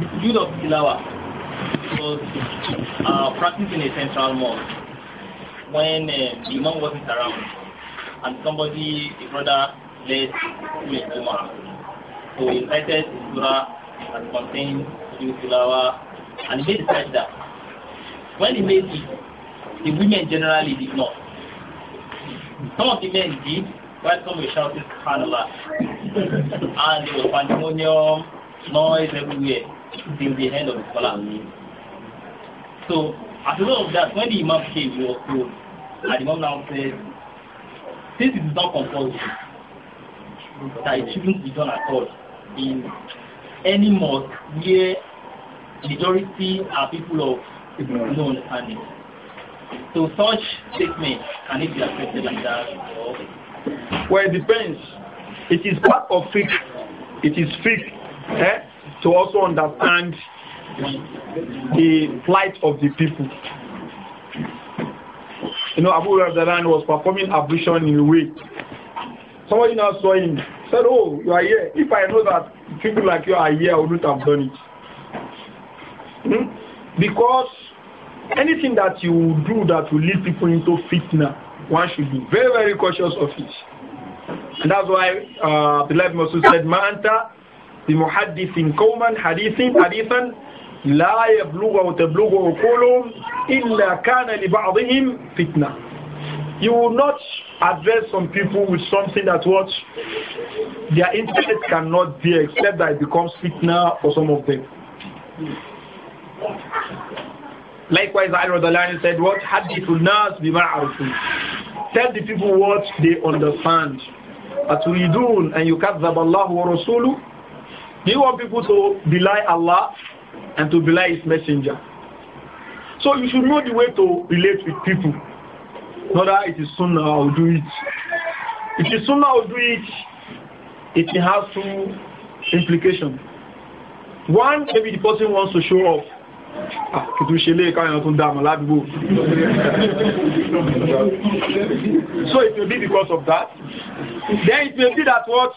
the sujood of Tilawa was uh, practiced in a central mosque when uh, the imam wasn't around and somebody, a brother, led to a Umar. So he invited a surah that contained sujood Tilawa and he made the sajda. When he made it, the women generally did not. Some of the men did, while some were shouting, subhanAllah. and there was pandemonium, noise everywhere till the end of the Salah So, as a result of that, when the Imam came, he was told, and the Imam now said, since it is not compulsory, that it shouldn't be done at all in any mosque where majority are people of no understanding. So such treatment can it be accepted like that? Well, it depends. It is part of fiqh. It is fiqh. Eh? to also understand the plight of the people. You know, Abu Razzalan was performing ablution in a way. Somebody now saw him, said, Oh, you are here. If I know that people like you are here, I wouldn't have done it. Hmm? Because anything that you do that will lead people into fitna, one should be very, very cautious of it. And that's why uh, the life Masu said, Manta, بمحدث قوما حديث حديثا لا يبلغ أو تبلغ عقولهم إلا كان لبعضهم فتنة You will not address some people with something that what their intellect cannot bear except that it becomes fitna for some of them. Likewise, Ali Radhalani said, What hadithun nas bima arfu. Tell the people what they understand. Aturidun and yukadzab Allah wa rasuluh do you want people to belie Allah and to belie His messenger? So you should know the way to relate with people. not that it is sunnah or do it. If it's sunnah or do it, it has two implications. One, maybe the person wants to show off. Ah, so it may be because of that then it may be that what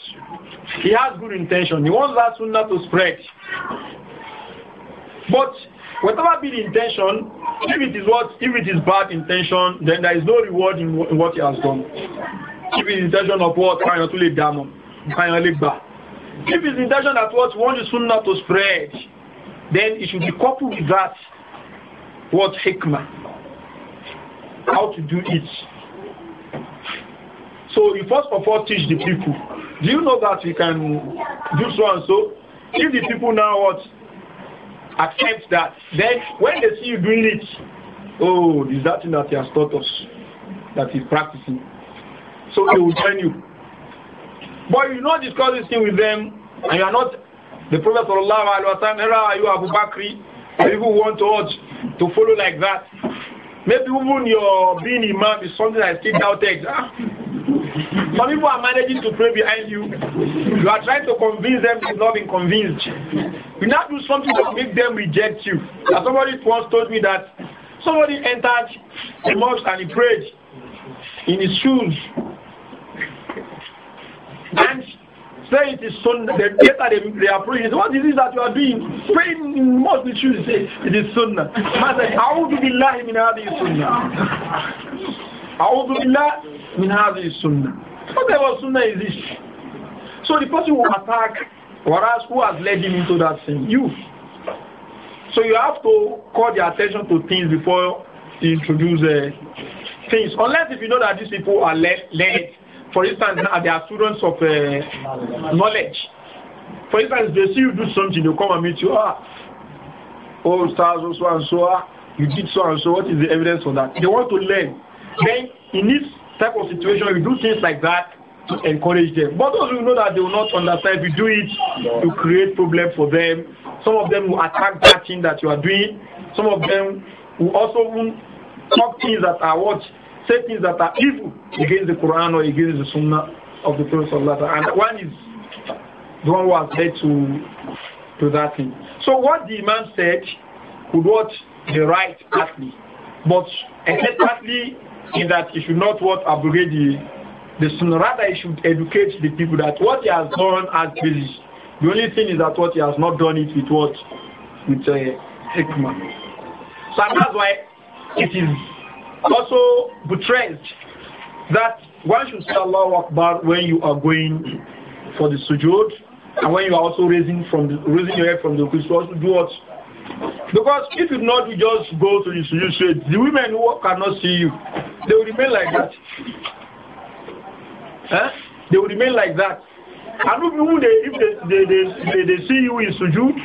he has good intention he wants that sunnah to spread but whatever be the intention if it is what if it is bad intention then there is no reward in, in what he has done if his intention of what káyàn tún lè dámà káyàn lè gbà if his intention that what wants the sunnah to spread then it should be coupled with that what hikmah, how to do it. So you first of all teach the people. Do you know that you can do so and so? If the people now what accept that, then when they see you doing it, oh, is that thing that he has taught us that he's practicing? So they will join you. But you not discuss this thing with them, and you are not the Prophet sallam, era you Abu Bakri, people want to urge to follow like that. Maybe even your being imam is something I still doubted. Huh? Ah. Some people are managing to pray behind you. You are trying to convince them they've not been convinced. You now do something to make them reject you. As somebody once told me that somebody entered the mosque and he prayed in his shoes. And say it is sunnah, the later they, they are praying, what is it that you are doing? Praying in most the shoes say it is sunnah. Man said, A'udhu billahi min hadhi sunnah. A'udhu billahi min hadhi sunnah. What type of sunnah is this? So the person will attack, whereas who has led him into that sin? You. So you have to call their attention to things before you introduce uh, things. Unless if you know that these people are led, led for instance, they are students of uh, knowledge. For instance, they see you do something, they come and meet you. Ah, oh, stars, oh, so and so. Ah, you did so and so. What is the evidence for that? They want to learn. Then, in this type of situation, you do things like that to encourage them. But those who know that they will not understand, if you do it, you create problem for them. Some of them will attack that thing that you are doing. Some of them will also talk things that are what say things that are evil against the Quran or against the Sunnah of the Prophet. And one is the one who has led to, to that thing. So what the Imam said could what the right partly, but except partly in that he should not what abrogate the, the Sunnah. Rather, he should educate the people that what he has done as The only thing is that what he has not done it with what? With uh, hikmah. So that's why it is also buttressed that one should say Allahu Akbar when you are going for the sujood and when you are also raising from the, raising your head from the Christ, also do what? Because if you not, you just go to the sujood straight. The women who cannot see you, they will remain like that. Huh? They will remain like that. And if they, if they, they, they, they, see you in sujood,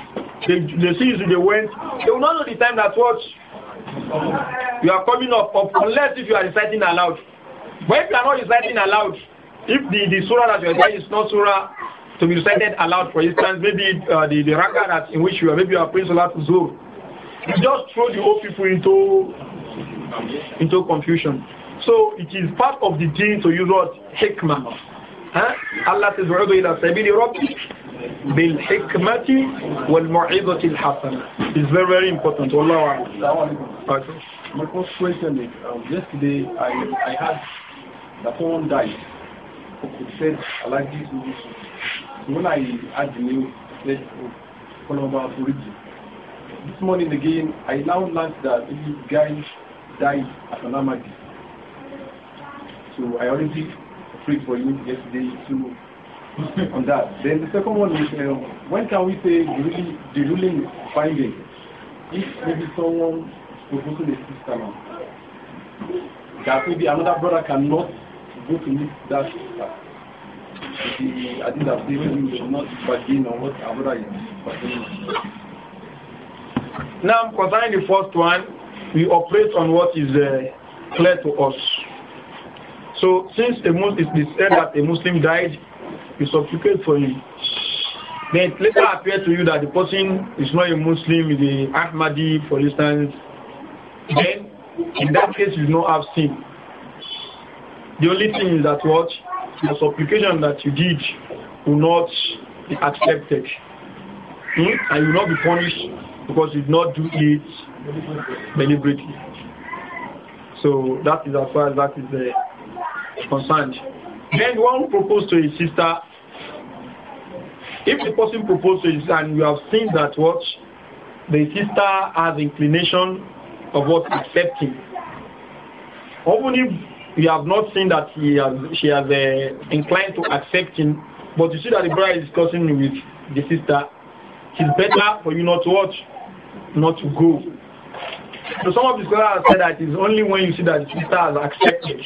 they, they see you, they went, they will not know the time that what you are coming up, up unless if you are reciting aloud. But if you are not reciting aloud, if the, the surah that you are reciting is not surah to be recited aloud, for instance, maybe uh, the, the rakah that in which you are, maybe you are praying salat zuhr, you just throw the whole people into, into confusion. So it is part of the deen to use what? Hikmah. Huh? Allah says, إِلَىٰ سَبِيلِ رَبِّكَ بِالْحِكْمَةِ وَالْمَوْعِظَةِ الْحَسَنَةِ It's very, very important. Allah My first question is, um, yesterday I, I had the phone died. It said, like this me When I had the news, oh, it said, Colomba Furiji. This morning again, I now learned that this guy died at an Amadi. So I already prayed for you yesterday too on that. Then the second one is uh, when can we say the ruling, the ruling finding if maybe someone proposing a sister now that maybe another brother cannot go to meet that sister. The, I think that they will not bargain on what our brother is bargaining. Now, concerning the first one, we operate on what is uh, clear to us. So since a Muslim is said that a Muslim died, you supplicate for him. Then it later appear to you that the person is not a Muslim, is a Ahmadi, for instance. Then in that case you do not have sin. The only thing is that what the supplication that you did will not be accepted. Hmm? And you will not be punished because you did not do it deliberately. So that is as far as that is there concerned. Then one proposed to his sister. If the person proposed to his sister and you have seen that what the sister has inclination of what accepting, even if you have not seen that he has, she has uh, inclined to accepting, but you see that the brother is discussing with the sister, it's better for you not to watch, not to go. So some of the scholars said that it's only when you see that the sister has accepted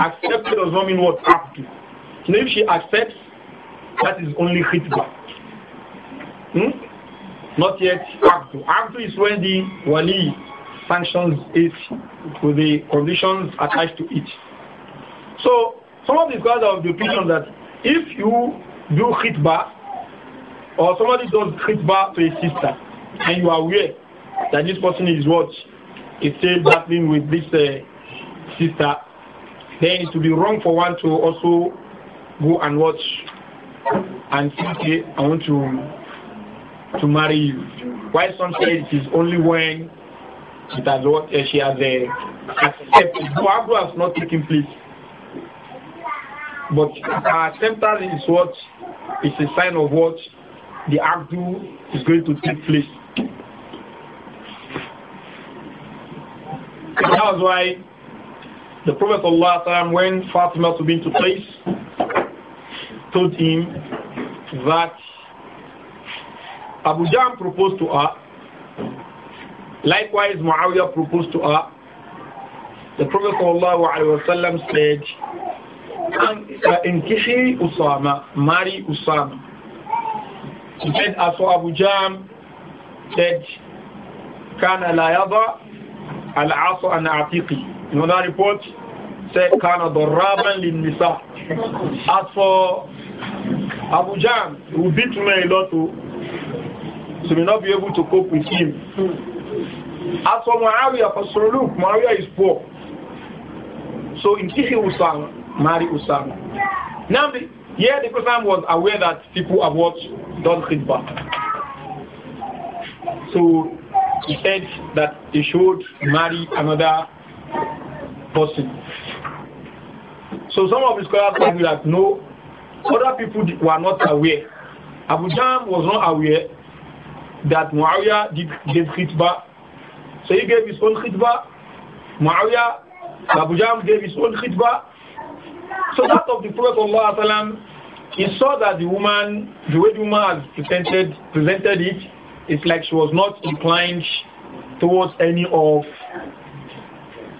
Accepted does not mean what up to. So if she accepts, that is only khitbah. Hmm? Not yet Up to is when the wali sanctions it with the conditions attached to it. So some of the scholars are of the opinion that if you do back, or somebody does back to a sister and you are aware that this person is what is still battling with this uh, sister, then it would be wrong for one to also go and watch and say, okay, I want to to marry you. Why some say it is only when it has what eh, she has uh, eh, accepted. No, Abdul has not taken place. But her acceptance is what is a sign of what the Abdul is going to take place. And that was why the Prophet ﷺ, when Fatima to bint Qais told him that Abu Jam proposed to her, likewise Muawiyah proposed to her, the Prophet ﷺ said, uh, Inkihi Usama, marry Usama. He said, as for Abu Jam, said, la لا al العصا an عتيقي in another report, said Kana Doraban Lin Nisa. As for Abu who beat me a lot, oh. so may not be able to cope with him. As for Muawiyah, for Sir Luke, Muawiyah is poor. So in Kihi Usama, marry Usama. Now, the, yeah, the Prophet was aware that people have watched Don Khidbah. So he said that they should marry another possible. So some of the scholars argue that no, other people were not aware. Abu Jam was not aware that Muawiyah did, gave khitbah. So he gave his own khitbah. Muawiyah, Abu Jam gave his own khitbah. So that of the Prophet Allah he saw that the woman, the way the woman has presented, presented it, it's like she was not inclined towards any of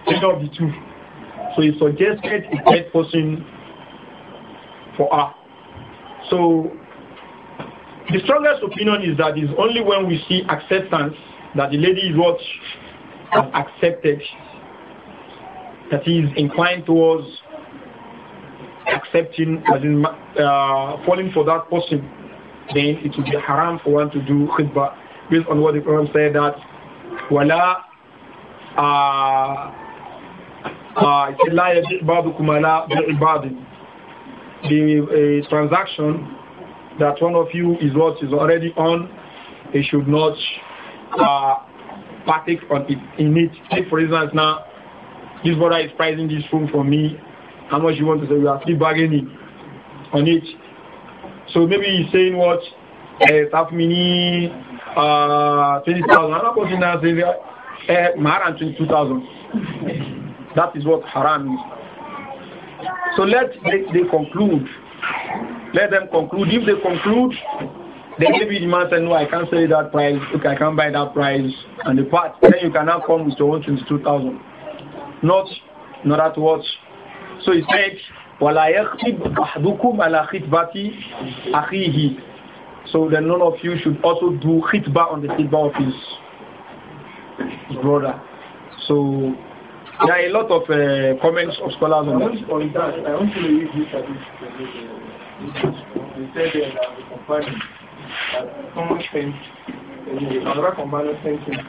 Take out the two. So he suggested a third person for her. So the strongest opinion is that it's only when we see acceptance that the lady is what has accepted, that he is inclined towards accepting, as in uh, falling for that person, then it would be haram for one to do khidbah based on what the Quran said that wala uh, لا يبيع بعضكم على بيع the uh, transaction that one of you is what is already on it should not uh, partake on it, in it take for instance now this brother is pricing this room for me how much you want to say we are still bargaining on it so maybe he's saying what uh, eh, half mini uh, 20,000 thousand. another person now says uh, eh, eh, 22,000 that is what haram is. So let they, they conclude. Let them conclude. If they conclude, they give you the man say, no, I can't sell that price. Okay, I can't buy that price. And the part, then you cannot come with your own 22,000. Not, not at what. So he said, وَلَا يَخْتِبْ أَحْدُكُمْ عَلَى خِتْبَةِ أَخِيهِ So then none of you should also do khitbah on the khitbah of his brother. So there are a lot of uh, comments of scholars on that. I want to use this as said that uh, the someone uh, sent, uh, another to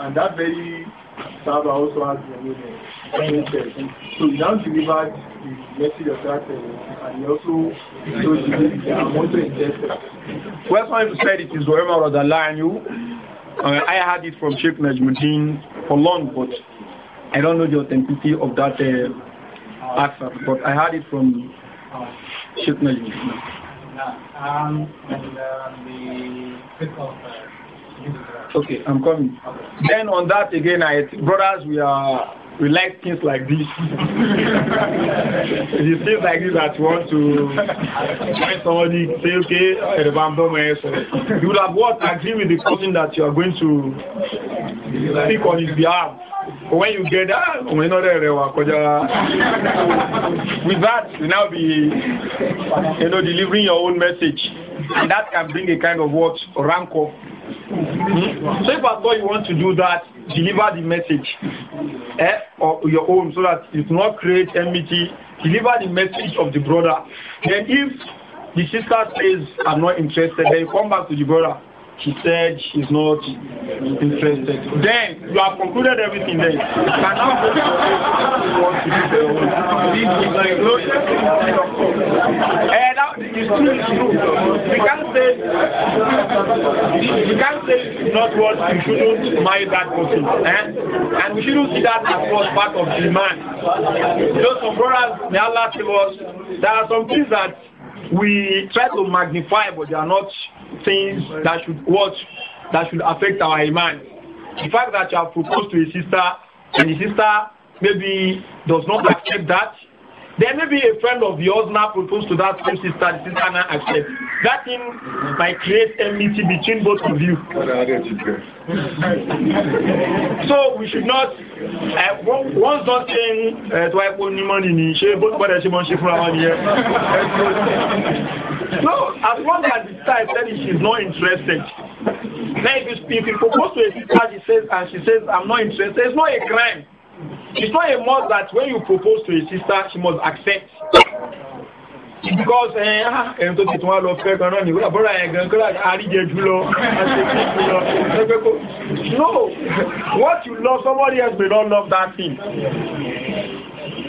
and that very server also has the name So he now delivered the message of that, and he also told the I'm interested. Well, said it is whoever was aligned you. Uh, I had it from Sheikh Najmuddin for long, but I don't know the authenticity of that uh, answer, but I had it from Sheikh Najmuddin. Um, and, uh, the... Okay, I'm coming. Okay. Then on that again, I brothers, we are we like things like this. it is things like this that you want to find somebody say, okay, done You would have what agree with the person that you are going to speak on his behalf. But when you get that, we know that with that, you now be you know delivering your own message and that can bring a kind of what rancor. Hmm? So if at all you want to do that, deliver the message eh, or your own so that it not create enmity. Deliver the message of the brother. Then if the sister says, I'm not interested, then you come back to the brother she said she's not interested. Then you have concluded everything then. You eh, can now go to And that is true, it's true. You can't say you can't say it's not what you shouldn't marry that person. Eh? And we shouldn't see that as was part of the man. You know some brothers may Allah tell us there are some things that we try to magnify, but they are not things that should what that should affect our iman. The fact that you have proposed to a sister and the sister maybe does not accept that, there may be a friend of yours now proposed to that same sister, the sister now accepts. That thing might create enmity between both of you. so we should not, uh, eh, once not saying, eh, to I put money in she both brothers she from around here. No, as long as the sister said she's not interested. Now if you, if you propose to a sister, she says, and she says, I'm not interested, it's not a crime. It's not a must that when you propose to a sister, she must accept. Because eh, ah, ẹ̀hán tó ti tún wá lọ fẹ́ gan náà ni wúlà bọ́ra ẹ̀ gan kọ́lá àríjẹ jùlọ àṣepé jùlọ ẹgbẹ́ kó. No, what you love, somebody else may not love that thing.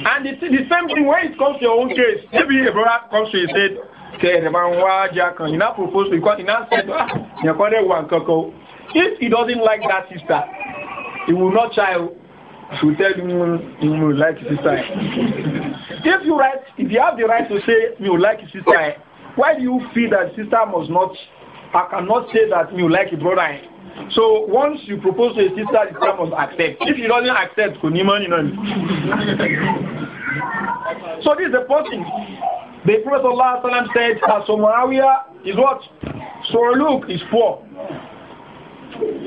And the, the same thing when it comes to your own case, maybe a brother comes to you and said, kẹ́ ẹ̀ máa ń wá ajá kan, you now propose to you, you now said, ah, yẹn kọ́ dẹ̀ wà nǹkan If he doesn't like that sister, he will not child." she will tell you, mm, mm, like sister. if you right, if you have the right to say you like sister, why do you feel that sister must not? I cannot say that you like a brother. So once you propose to a sister, the sister must accept. If you doesn't accept, Kuniman, you know. so this is the point. The Prophet Allah said, Asomawiya is what? So look, is poor.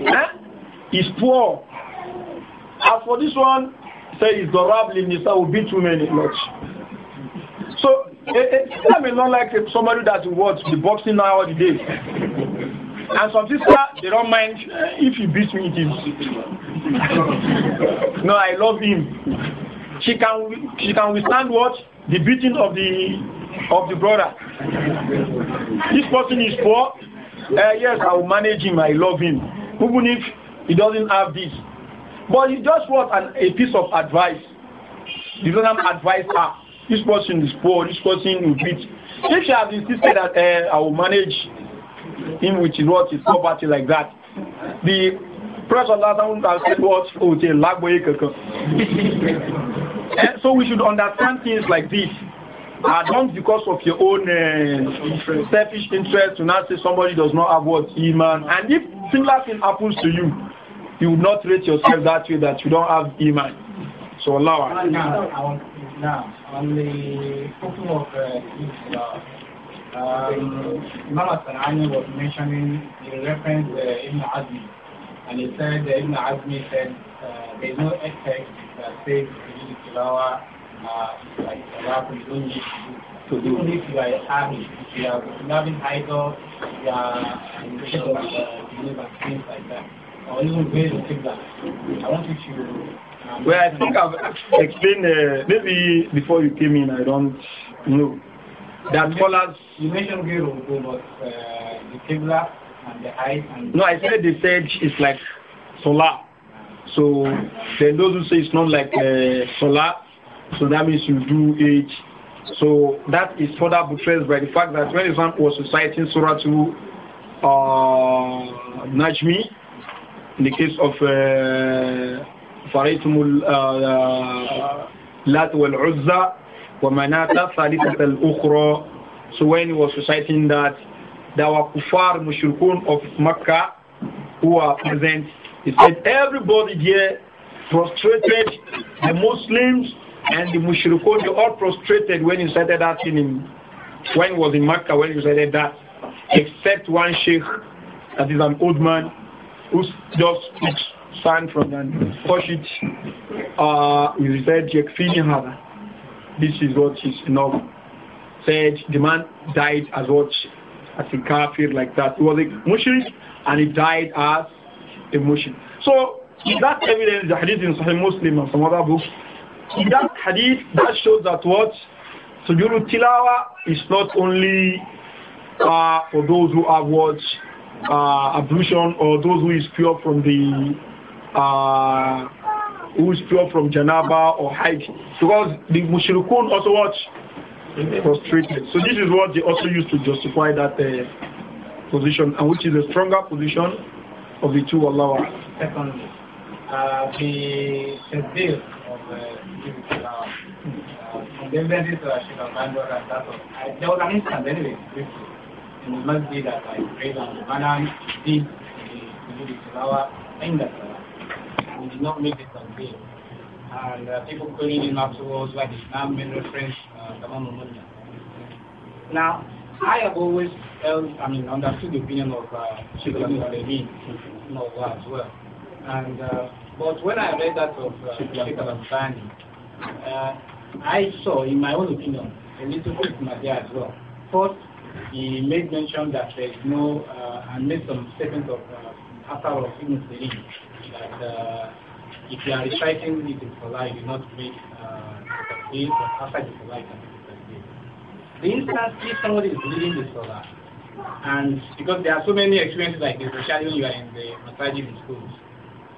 Eh? Is poor. As for this one, say it's the rabbi nisa will beat women in much. So I mean, not like somebody that watch the boxing now all the day. And some sister they don't mind eh, if he beats me, it is. no, I love him. She can she can withstand what the beating of the of the brother. This person is poor. Uh, yes, I will manage him. I love him. Even if he doesn't have this, but you just want an, a piece of advice. You don't have advice. Ah, this person is poor, this person will beat. If she has insisted that uh, I will manage him, which is what is poverty like that, the Prophet has said what would oh, eh, So we should understand things like this. Uh, ah, not because of your own uh, selfish interest to not say somebody does not have what man. And if similar thing happens to you, you would not rate yourself that way that you don't have iman. So Allah. Now, now on the topic of uh, um, Imam al was mentioning in reference uh, Ibn Azmi, and he said uh, Ibn Azmi said uh, there is no effect that says religious tilawa uh, like tilawa you don't need to do. Even if you are having, if you are loving idol, you are in the of uh, things like that. I well, I think I've explained, uh, maybe before you came in, I don't know. That scholars. You mentioned Gero, but uh, the Qibla and the height. No, I said the sage is like solar. So then those who say it's not like uh, solar, so that means you do age. So that is further buttressed by the fact that when Islam was reciting Surah to uh, Najmi, in the case of uh, Faraitumul uh, uh, Lat wal Uzza wa Manata Thalithat al Ukhra. So when he was reciting that, there were kuffar mushrikun of Makkah who are present. He said, everybody here prostrated, the Muslims and the mushrikun, they all prostrated when he said that in him. When he was in Makkah, when he said that, except one sheikh, that is an old man, who just picks from and push it uh, with said her." This is what is enough. Said the man died as what as a kafir like that. He was a mushrik and he died as a mushrik. So that evidence, the hadith in Sahih Muslim and some other books, in that hadith that shows that what Sujuru Tilawa is not only uh, for those who have watched uh, ablution or those who is pure from the uh, who is pure from janaba or hajj because the mushrikun also watch frustrated so this is what they also use to justify that uh, position and which is the stronger position of the two Allah secondly uh, the tafsir of uh, uh, condemned it to Ashik Abandon and that was, uh, there was an instance anyway briefly in the masjid that I prayed on the banner, did the Tilawa in the Salah. We did not make it on convey. And uh, people calling in afterwards why uh, the Islam made reference uh, to Now, I have always held, I mean, understood the opinion of Sheikh uh, al you know, as well. And, uh, but when I read that of uh, Sheikh uh, I saw, in my own opinion, a little bit of my as well. First, he made mention that there is no, uh, and made some statement of uh, after of Ibn Sirin, that uh, if you are reciting it in Salah, you do not make uh, the or after the Salah, the instance if somebody is reading the Salah, and because there are so many experiences like this, especially when you are in the masajid in schools,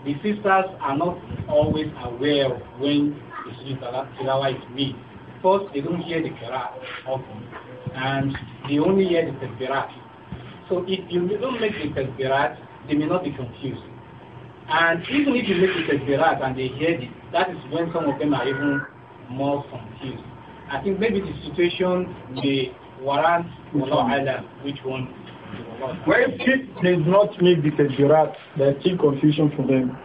the sisters are not always aware of when the salah Tilawa is made first they don't hear the qira'ah often, and they only hear the takbirat. So if you don't make the takbirat, they may not be confused. And even if you make the takbirat and they hear it, that is when some of them are even more confused. I think maybe the situation may warrant Allah Adam, which one well, if he does not make the takbirat, there's still confusion for them.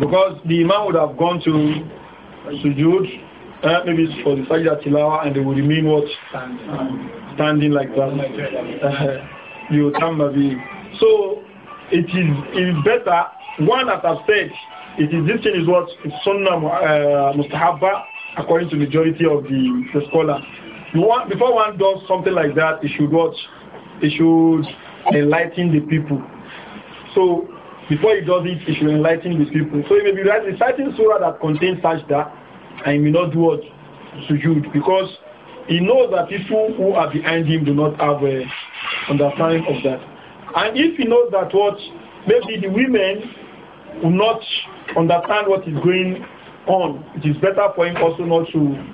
Because the Imam would have gone to sujood, uh, maybe it's for the Sajda Tilawa and they will remain what? Um, standing like that. you So it is, it is better, one as I've said, it is, this thing is what Sunnah uh, Mustahabba according to majority of the, the scholar. Want, before one does something like that, it should watch, it should enlighten the people. So before he does it, he should enlighten the people. So he may be reciting surah that contains sajda, and he will not do what? Sujood. Because he knows that people who are behind him do not have a uh, understanding of that. And if he knows that what, maybe the women will not understand what is going on, it is better for him also not to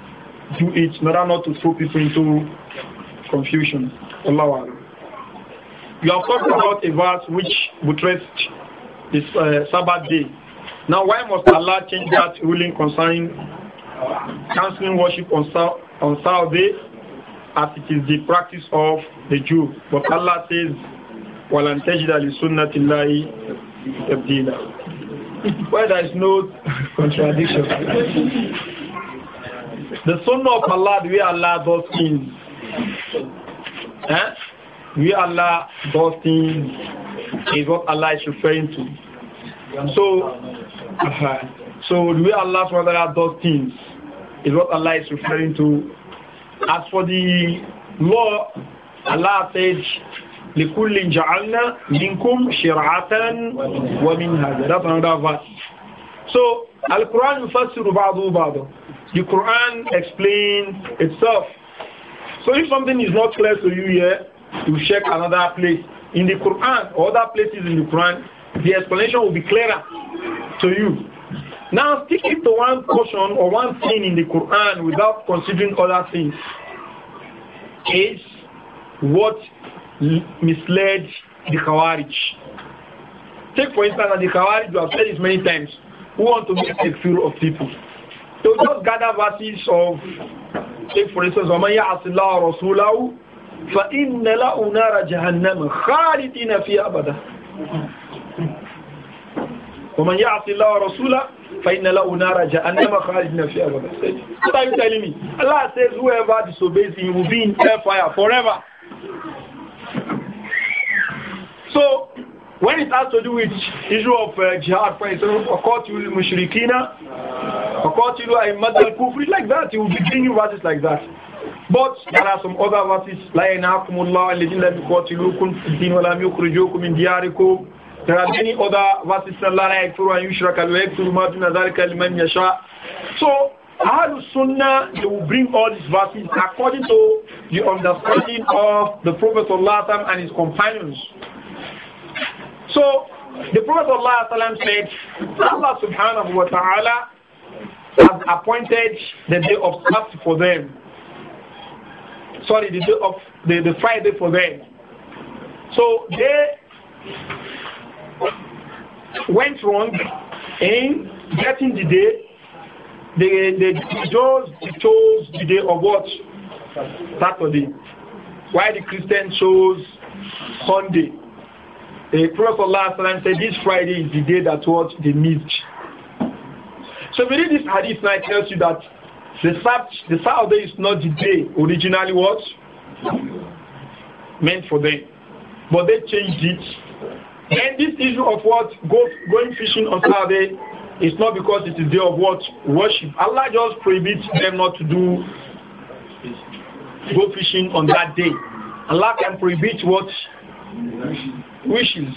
do it, in not to throw people into confusion. Allah You have talked about a verse which buttressed this uh, Sabbath day. Now, why must Allah change that ruling concerning cancelling worship on, on Saturday as it is the practice of the Jew. But Allah says, وَلَنْ تَجِدَ لِسُنَّةِ اللَّهِ تَبْدِيلًا Where there is no contradiction. the sunnah of Allah, the way Allah does things, eh? are way Allah does things is what Allah is referring to. So, uh, so the way Allah does things is what Allah is referring to. As for the law, Allah says, لِكُلٍ جَعَلْنَا مِنْكُمْ شِرْعَةً وَمِنْهَاجًا That's another verse. So, Al-Quran to بعضه بعضه. The Quran explains itself. So if something is not clear to you here, you check another place. In the Quran, other places in the Quran, the explanation will be clearer to you. Now, sticking to one portion or one thing in the Quran without considering other things is what misled the Khawarij. Take, for instance, that the Khawarij, you have said this many times, who want to make a few of people. They just gather verses of, take, for instance, وَمَنْ يَعْصِ اللَّهَ رَسُولَهُ فَإِنَّ لَهُ نَارَ جَهَنَّمَ خَالِدِينَ فِيهَا أَبَدًا وَمَنْ يَعْصِ اللَّهَ رَسُولَهُ what are you telling me Allah says whoever disobeys him will be in hellfire forever so when it has to do with issue of uh, jihad for example court you mushrikina court you a mad al kufr like that you will be giving verses like that But there are some other verses, like in Akumullah, and the Jinnah, because you look in the Dinwalam, you could there are many other verses, Allah yakfuru an yushraka wa yakfuru ma duna liman yasha. So, Ahlul Sunnah, they will bring all these verses according to the understanding of the Prophet Allah and his companions. So, the Prophet Allah said, Allah subhanahu wa ta'ala has appointed the day of Sabbath for them. Sorry, the day of the, the Friday for them. So they went wrong in getting the day, they, they, they chose, chose the day of what? Saturday. Why the Christian chose Sunday? The Prophet Allah said this Friday is the day that what the missed. So we read this hadith now, it tells you that the, Sab- the Saturday is not the day originally what? Meant for them. But they changed it and this issue of what goes, going fishing on Saturday is not because it is day of what worship. Allah just prohibits them not to do go fishing on that day. Allah can prohibit what wishes.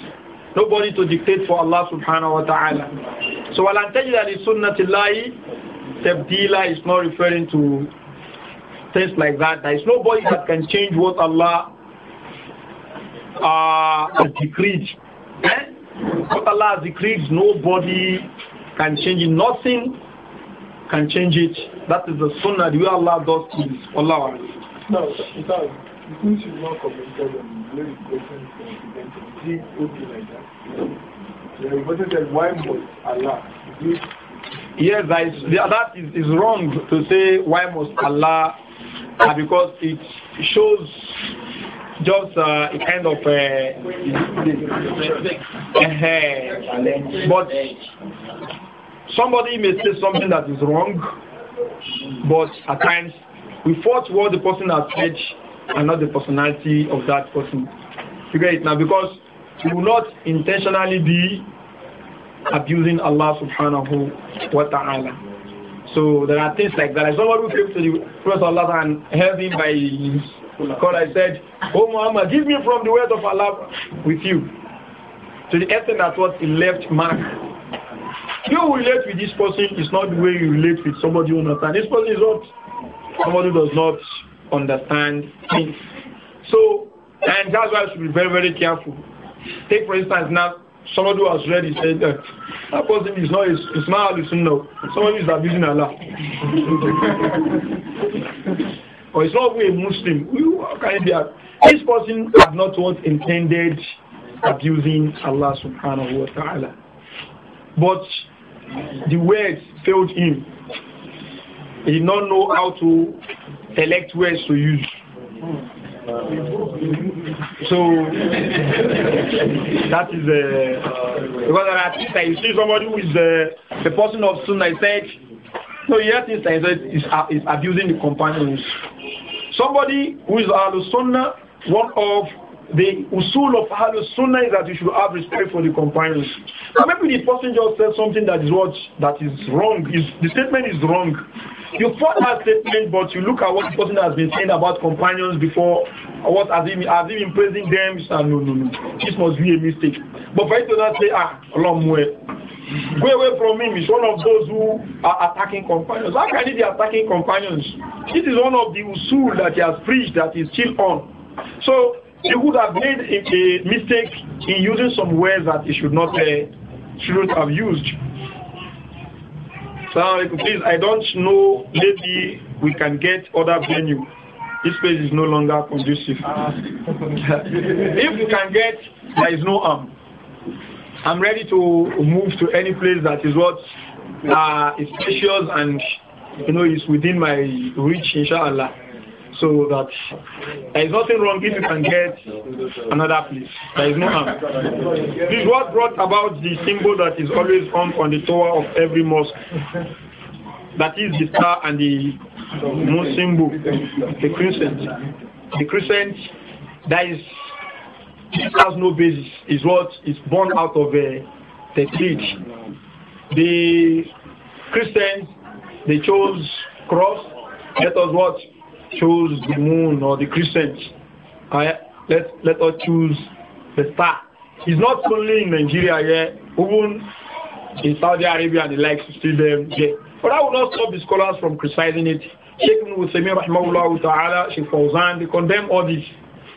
Nobody to dictate for Allah subhanahu wa ta'ala. So while I'm telling you that the sunnatillahi tabdila is not referring to things like that. There is nobody that can change what Allah uh, decreed. Eh? What Allah has decreed, nobody can change it. Nothing can change it. That is the sunnah, the way Allah does things. Allah. No, it You not comment on the question See, it would be The reporter said, why must Allah? Yes, that, is, that is, is wrong to say why must Allah because it shows just uh, kind of uh, uh, but somebody may say something that is wrong, but at times we fault what the person has said and not the personality of that person. You get it now because you will not intentionally be abusing Allah subhanahu wa ta'ala. So there are things like that. If what who came to the Prophet and held him by because I said, Oh Muhammad, give me from the word of Allah with you. To the extent that what he left mark. You relate with this person is not the way you relate with somebody who understands. This person is not somebody who does not understand things. So, and that's why I should be very, very careful. Take for instance now somebody who has read it said that eh, that person is not is, is not hallucinating. Somebody is abusing Allah. or is not a Muslim, how can be this person had not what intended abusing Allah subhanahu wa ta'ala. But the words failed him. He did not know how to select words to use. So that is uh, because I think that you see somebody who is uh, the person of Sunnah said so yet this is, is abusing the companions. Somebody who is Ahlul Sunnah, one of the usul of Ahlul Sunnah is that you should have respect for the companions. So maybe the person just said something that is what that is wrong. Is the statement is wrong. You follow that statement, but you look at what the person has been saying about companions before, or what has he, has he been praising them? You say, ah, no, no, no, this must be a mistake. But for you to not say, ah, long way, go away from him, he's one of those who are attacking companions. How can he be attacking companions? This is one of the usul that he has preached that is still on. So he would have made a, a mistake in using some words that he should not uh, shouldn't have used. Please, I don't know. Maybe we can get other venue. This place is no longer conducive. Ah. if you can get, there is no harm. I'm ready to move to any place that is what uh, is spacious and you know is within my reach, inshallah so that there is nothing wrong if you can get another place. There is no harm. This is what brought about the symbol that is always hung on the tower of every mosque. That is the star and the moon symbol, the crescent. The crescent that is has no basis is what is born out of uh, the creed. The Christians they chose cross. Let us watch choose the moon or the crescent. let, let us choose the star. It's not only in Nigeria yet, even in Saudi Arabia and the likes still them um, yet? But I will not stop the scholars from criticizing it. Sheikh Ibn rahimahullah ta'ala, Sheikh Fawzan, they condemn all this.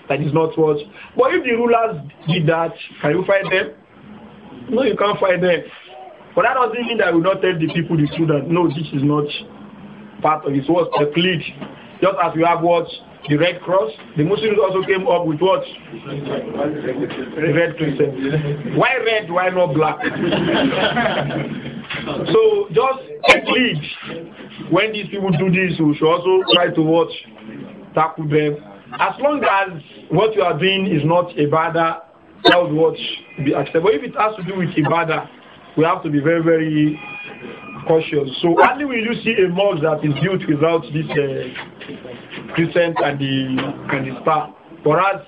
That is not what. But if the rulers did that, can you fight them? No, you can't fight them. But that doesn't mean that I will not tell the people the truth that no, this is not part of it. It was a plea just as we have what? The Red Cross. The Muslims also came up with what? Red Crescent. Why red? Why not black? so just at least when these people do this, we should also try to watch, tackle them. As long as what you are doing is not Ibadah, that would watch be acceptable. If it has to do with Ibada, we have to be very, very cautious. So only will you see a mosque that is built without this uh, crescent and the, and the star. For us,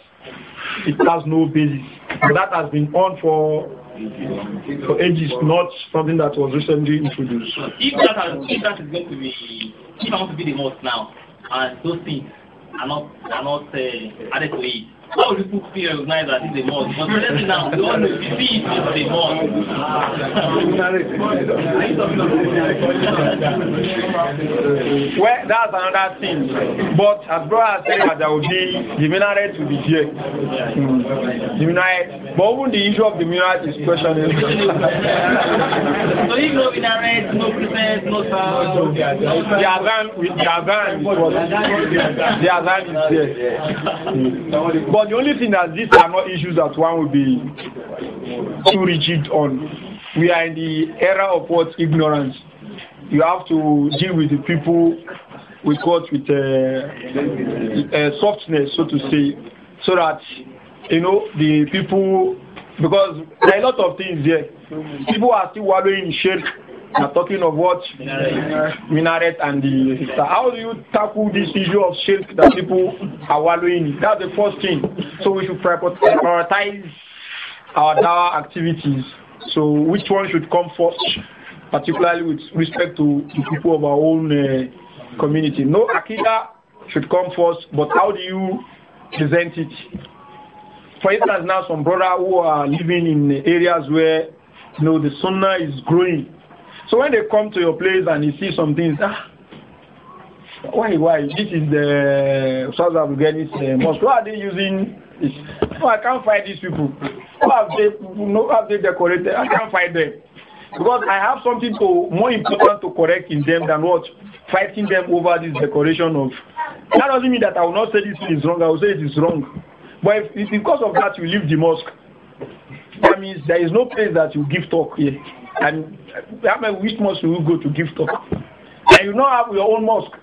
it has no basis. that has been on for for ages, not something that was recently introduced. If that, has, if that is going to be, if I want to be the most now, and those things are not, are not uh, it. How do people feel in the mosque? But now, we in the mosque. well, that's another thing. But as brother said, that there will be the to be here. Mm. But even the issue of the is questioned, so if no minaret, no prevent, no sound. The Azan, the Azan is what? The Azan is there. But but the only thing that these are not issues that one would be too rigid on. We are in the era of what ignorance. You have to deal with the people with what with uh, uh, softness, so to say, so that you know the people because there are a lot of things here. People are still wallowing in shame are talking of what? Minaret. and the sister. How do you tackle this issue of shirk that people are wallowing in? That's the first thing. So we should prioritize our dawah activities. So which one should come first, particularly with respect to the people of our own uh, community? No akida should come first, but how do you present it? For instance, now some brother who are living in areas where you know the sunnah is growing so when they come to your place and you see some things, ah, why, why? This is the South Afghanis uh, mosque. Why are they using this? Oh, I can't find these people. Why have they, no, have they decorated? I can't find them. Because I have something to, more important to correct in them than what? Fighting them over this decoration of. That doesn't mean that I will not say this is wrong. I will say it is wrong. But if, if because of that you leave the mosque, that means there is no place that you give talk here. And how many which mosque will you go to give talk? And you now have your own mosque.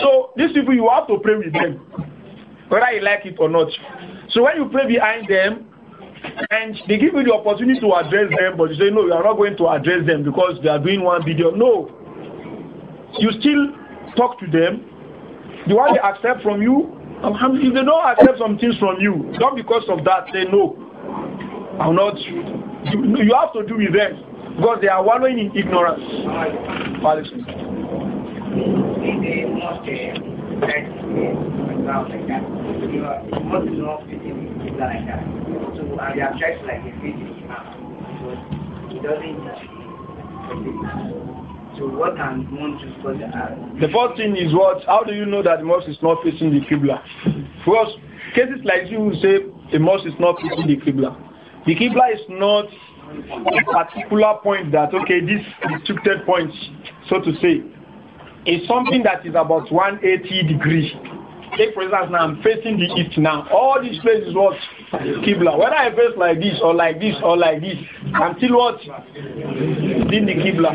So these people, you have to pray with them, whether you like it or not. So when you pray behind them, and they give you the opportunity to address them, but you say, no, you are not going to address them because they are doing one video. No. You still talk to them. The one they accept from you, if they don't accept some things from you, not because of that, say, no, I'm not you, you have to do with them because they are wallowing in ignorance. The first thing is what? How do you know that the mosque is not facing the Qibla? Because cases like you will say the mosque is not facing the Qibla. The Qibla is not a particular point that, okay, this restricted point, so to say, is something that is about 180 degrees. Take for instance now I'm facing the east now. All these places what Qibla. Whether I face like this or like this or like this, I'm still what? In the Qibla.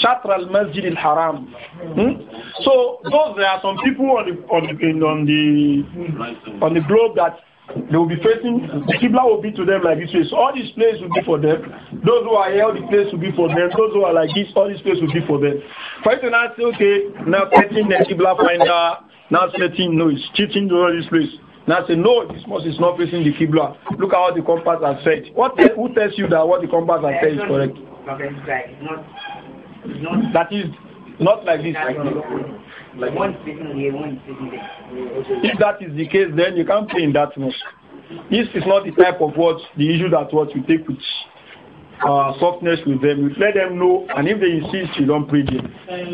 Shatr al Masjid al Haram. Hmm? So those there are some people on the on the on the on the globe that they will be facing, the Qibla will be to them like this way. So all these places will be for them. Those who are here, all the place will be for them. Those who are like this, all these places will be for them. For you to say, okay, now facing the Qibla finder, now setting, no, it's cheating to all these places. Now say, no, this mosque is not facing the Qibla. Look at what the compass has said. What, who tells you that what the compass has said is correct? That is, not like this. If that is the case, then you can't pray in that mosque. This is not the type of what the issue that what you take with uh, softness with them. You let them know, and if they insist, you don't pray them. and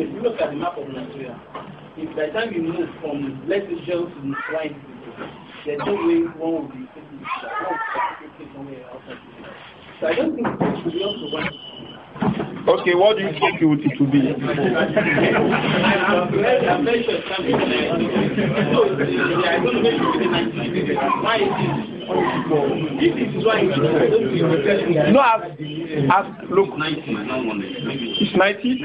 if you look at the map of Nigeria, if by the time you move from let's say jail to swine there's no way one will be taking somewhere else. So I don't think we should be also one. Okay, what do you think it would to be? no, I as, have look, it's 90.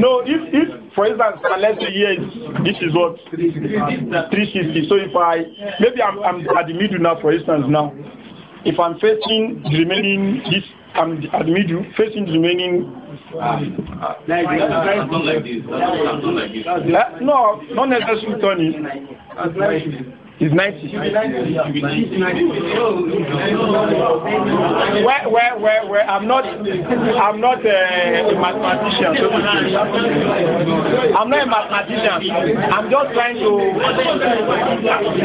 No, if if for instance, unless the year is this is what 360. So if I maybe I'm I'm at the middle now, for instance now if I'm facing the remaining this I'm at middle facing the remaining uh, uh, like this. Uh, no, not necessarily Tony. It's 90. Where, where, where, where? I'm not, I'm not uh, a mathematician. I'm not a mathematician. I'm just trying to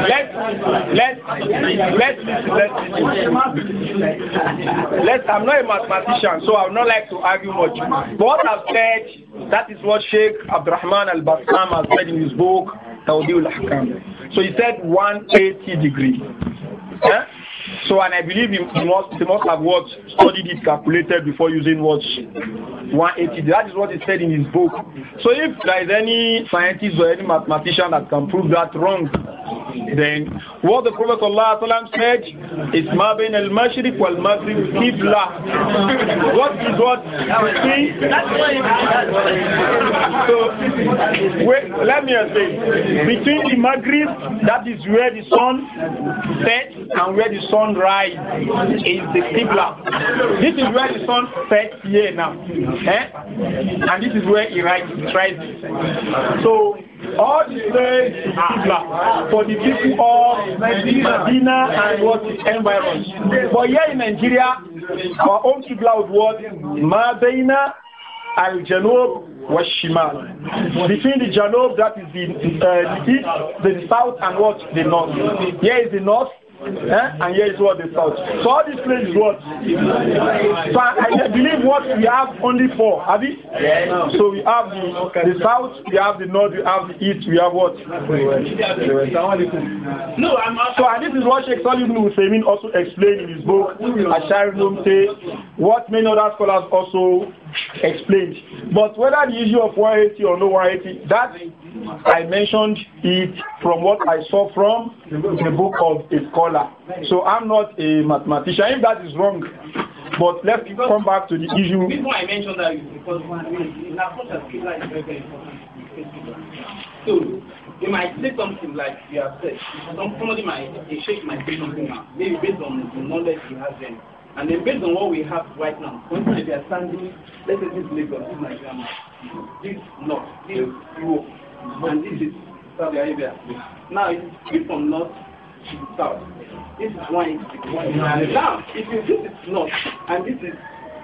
let, let, let, let, let. I'm not a mathematician, so I would not like to argue much. But what I've said, that is what Sheikh Abdurrahman Al-Bassam has said in his book. So he said 180 degrees. Yeah? So, and I believe he must, he must have what studied it, calculated before using what 180. That is what he said in his book. So, if there is any scientist or any mathematician that can prove that wrong, then what the Prophet said is Mabin al Mashriq wal Maghrib Qibla. What is what? See? So wait, let me say, Between the Maghrib, that is where the sun sets and where the sun rises, is the Qibla. This is where the sun sets here now. Eh? And this is where it rises. So all the slaves to Qibla for the people of Medina and what the environment. But here in Nigeria, our own Qibla would what? Madina al Janob was Shimal. Between the Janob, that is the, uh, the east, the south, and what? The north. Here is the north, Eh? And here is what they thought. So all this place is what? So I, I believe what we have only four, have we? So we have the, the south, we have the north, we have the east, we have what? No, I'm So and this is what Sheikh Salim Hussein also explained in his book, Ashari Lumte, what many other scholars also explained. But whether the issue of 180 or no 180, that I mentioned it from what I saw from the book of a scholar. So I'm not a mathematician. If that is wrong, but let's because come back to the issue. Before I mentioned that is because in is very, very important. So you might say something like you have said. Somebody might, shake my might say maybe based on the knowledge he has then. And then based on what we have right now, when if they are standing, let's say this Lagos, this Nigeria, this North, this Europe, and this is Saudi Arabia. Now if split from North to South. This is one one. Now if you this is North and this is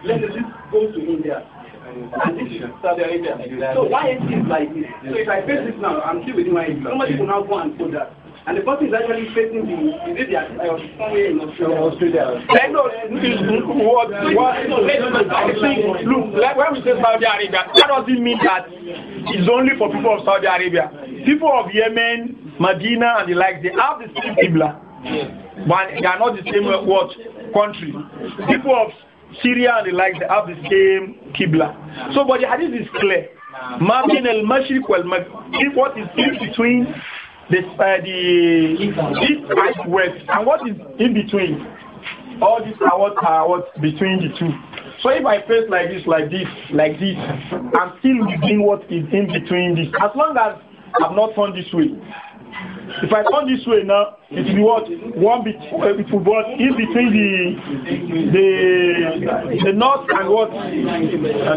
let's say this goes to India. And this is Saudi Arabia. So why is it like this? So if I face this now, I'm still within my age. Somebody will now go and put that. And the person is actually facing the, is it the, Australia? I what, I think, look, when we say Saudi Arabia, that doesn't mean that it's only for people of Saudi Arabia. People of Yemen, Medina, and the like, they have the same Qibla. But they are not the same uh, what country. People of Syria and the like, they have the same Qibla. So, but the hadith is clear. Mabin is between the, uh, the east and west. And what is in between? All these are what are what between the two. So if I face like this, like this, like this, I'm still within what is in between this. As long as i am not found this way, if I turn this way now, it will be what? One bit, uh, it will be in between the, the, the north and what? And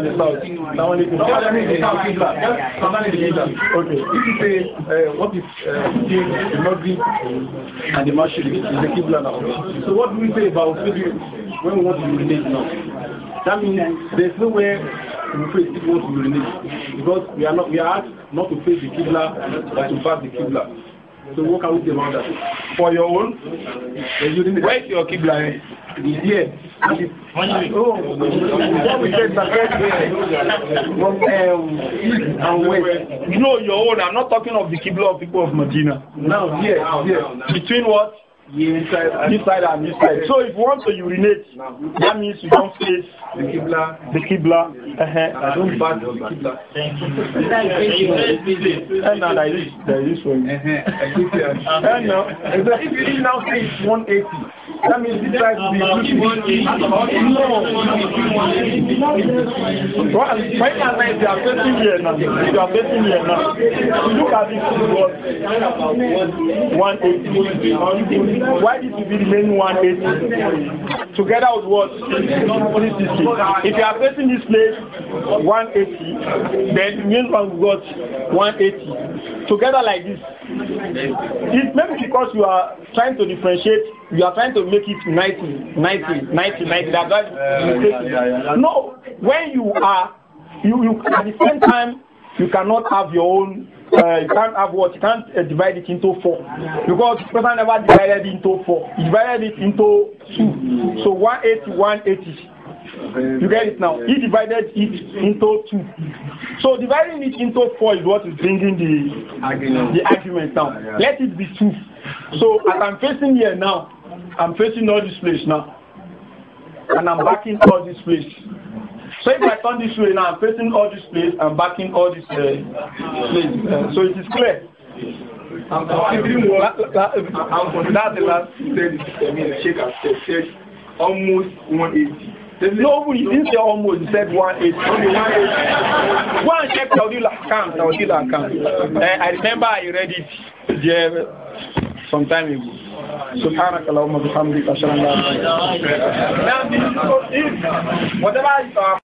the south. Now, when it is Okay. Uh, what is uh, the Maghrib and the Mashri, is the Qibla now. So what do we say about when we want to urinate now? That means there's no way we face if we want to urinate because we are not we are asked not to face the Qibla but to pass the Qibla. To what out we demand that? For your own? Where's your Qibla? Here. Oh, we said is and west. No, your own. I'm not talking of the Qibla of people of Medina. No, yes, yes. Between what? Inside, this uh, side and this side. So if you urinate, that means you don't face the kibla. The kibla. Uh-huh. don't bat the kibla. and uh, now there is there is one. Uh-huh. And uh, now uh-huh. if you now face 180, that means this side will be 180. No. Right now, they are facing here now. you. are facing here now. Look at this. 180 why did you be the main one eighty together with what if you are facing this place one eighty then the main one got one eighty together like this it maybe because you are trying to differentiate you are trying to make it ninety ninety ninety ninety that's why you no when you are you you at the same time you cannot have your own uh, you can't have what you can't uh, divide it into four because person never divided it into four he divided it into two so 180 180 you get it now he divided it into two so dividing it into four is what is bringing the argument. the argument now let it be two so as i'm facing here now i'm facing all this place now and i'm backing all this place so if I turn this way now, I'm facing all these i and backing all these uh, Uh, so it is clear. I'm considering what I'm considering the last thirty I mean said almost one eighty. No, he didn't say almost, he said 180. Only 180. Uh, I remember I read it yeah, some time ago. سبحانك اللهم وبحمدك اشهد ان لا اله الا انت